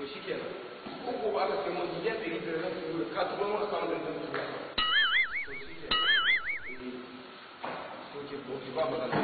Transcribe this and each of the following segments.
to shi ke nan ko ko ba ka sai mun yadda yi da ran da ka tuba mun samu da ran su to shi ke nan eh, to ke ko ke ba mana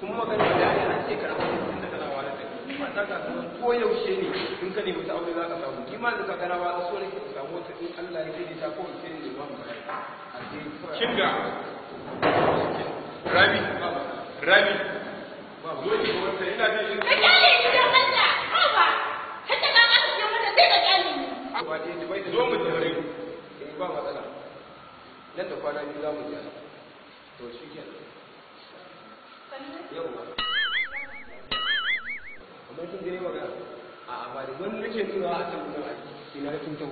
kuma magana da yana ce ka rabu cikin da kana wala da kuma ta ka ko yaushe ne in ka nemi ta aure za ka samu kima da ka kana wala so ne ka samu ta in Allah ya kai ta ko sai ne ba mu kinga rabi rabi ba zo ki wanda ina shi nan da kwana biyu za mu gyara to shi ke yau ba amma kin gani magana a amma da wani nake tura a can mutum a ina tun ta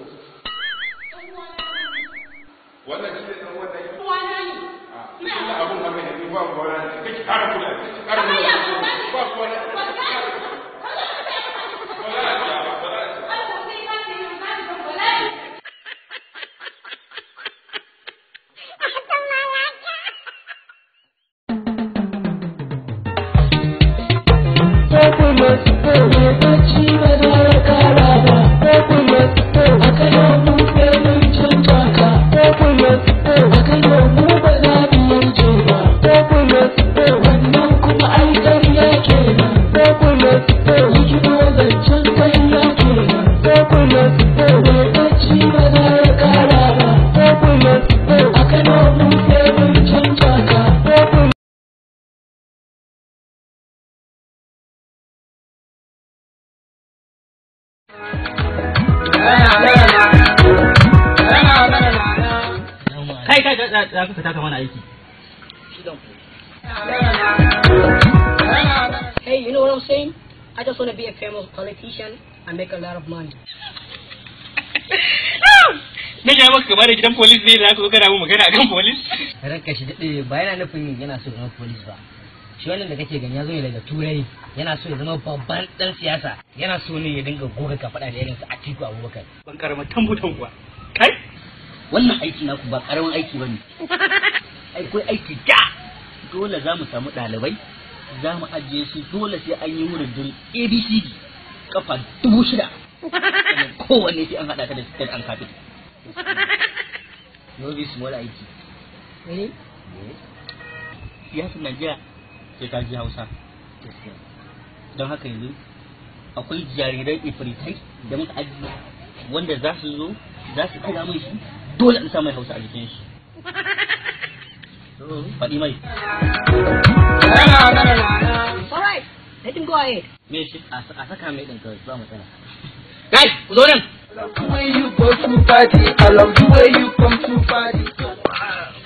wannan shi ne dan ah, wannan yi wani ne ina abun abin da ni ba mu kake kara kula kake kara kula ba ku wani Thank you. kai kai da za ka fita ka mana aiki Hey, you know what I'm saying? I just want to be a famous politician and make a lot of money. na ja maka gaba da gidan polis ne da aka zo kana mu magana akan polis ranka shi dade ba yana nufin yana so na polis ba shi wannan da kake gani ya zo daga turai yana so ya zama babban dan siyasa yana so ne ya dinga goga ka faɗa da irin su Atiku Abubakar ban karama tambutan kuwa kai wannan aiki naku ba karamin aiki bane ai kai aiki da dole za mu samu ɗalibai za mu ajiye su dole sai an yi wurin ABCD kafa dubu shida kowanne sai an haɗa ka da state an capital no be small aiki eh yes Najeriya sai ka ji hausa don haka yanzu akwai jarirai ifritai da muka ajiye wanda za su zo za su kira mai shi dole in sa mai hausa a jikin shi faɗi mai Daɗin goye. Me shi a saka mai ɗin kawai ba matsala. Guys, ku zo nan. I love the way you go to party. I love the way you come to party.